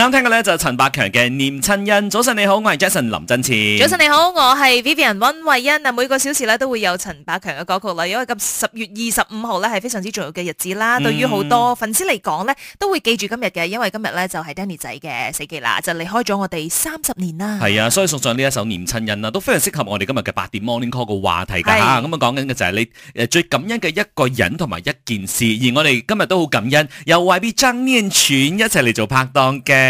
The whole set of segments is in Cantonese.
啱聽嘅咧就係陳百強嘅《念親恩》。早晨你好，我係 Jason 林振詞。早晨你好，我係 Vivian 溫慧欣。啊，每個小時咧都會有陳百強嘅歌曲啦。因為今十月二十五號咧係非常之重要嘅日子啦，對於好多粉絲嚟講咧都會記住今日嘅，因為今日咧就係 Danny 仔嘅死忌啦，就離開咗我哋三十年啦。係啊，所以送上呢一首《念親恩》啊，都非常適合我哋今日嘅八點 Morning Call 嘅話題噶吓。咁啊，講緊嘅就係你誒最感恩嘅一個人同埋一件事，而我哋今日都好感恩，又為 YB 張念群一齊嚟做拍檔嘅。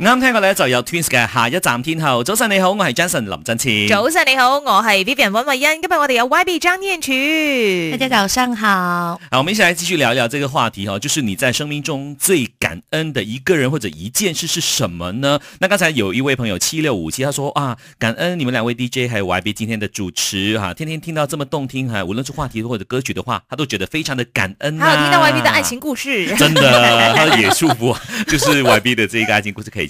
啱聽、嗯、過咧，就有 Twins 嘅下一站天后。早晨你好，我係 Jason 林振詞。早晨你好，我係 Vivian 文慧欣。今日我哋有 YB 張念群。大家早上好。好，我們一起來繼續聊一聊這個話題哈，就是你在生命中最感恩的一個人或者一件事是什麼呢？那剛才有一位朋友七六五七，他說啊，感恩你們兩位 DJ，還有 YB 今天的主持哈、啊，天天聽到這麼動聽哈、啊，無論是話題或者歌曲的話，他都覺得非常的感恩、啊。還有聽到 YB 的愛情故事，真的他 也祝福，就是 YB 的這一個愛情故事可以。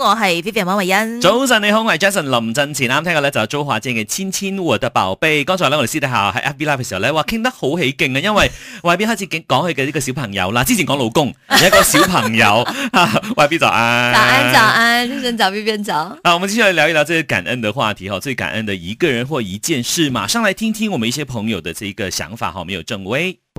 我係 Vivian 馬慧欣，早晨你好，我係 Jason 林振前。啱聽嘅咧就係周華健嘅親親我的寶貝。剛才咧我哋私底下喺 FB Live 嘅時候咧，哇，傾得好起勁啊！因為外邊開始講佢嘅呢個小朋友啦，之前講老公， 一個小朋友，啊、外邊安，安！早安早安，早晨早安早邊早。好、啊，我們接下來聊一聊這個感恩的話題，嗬，最感恩的一個人或一件事嘛，馬上來聽聽我們一些朋友的這個想法，嗬，沒有鄭威。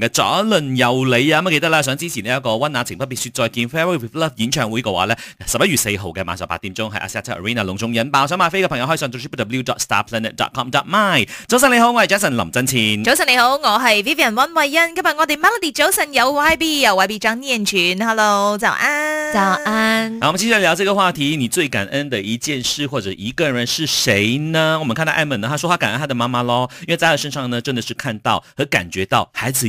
嘅左輪右你啊，乜記得啦？想支持呢一個溫雅情不必説再見《Farewell With Love》演唱會嘅話咧，十一月四號嘅晚上八點鐘喺 Axiata Arena 隆重引爆。想買飛嘅朋友可以上 www.starplanet.com.my 買。早晨你好，我係 Jason 林振前。早晨你好，我係 Vivian 溫慧欣。今日我哋 Melody 早晨有 YB 有 YB 張念群。Hello，早安，早安。好，我們接下來聊這個話題，你最感恩的一件事或者一個人是誰呢？我們看到艾蒙呢，他說他感恩他的媽媽咯，因為在他身上呢，真的是看到和感覺到孩子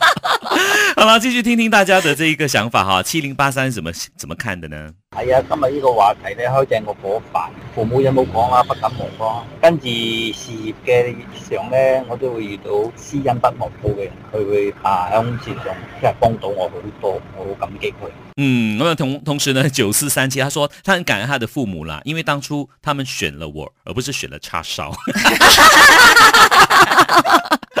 好啦，繼續聽聽大家的這一個想法哈。七零八三怎麼怎麼看的呢？係啊、哎，今日呢個話題呢，開正個火把，父母有冇講啊？不敢忘光、啊。跟住事業嘅上呢，我都會遇到私恩不報嘅人，佢會，會怕啊喺工作上即係幫到我好多，我好感激佢。嗯，咁、嗯、同同時呢，九四三七他說他很感恩他的父母啦，因為當初他們選了我，而不是選了叉燒。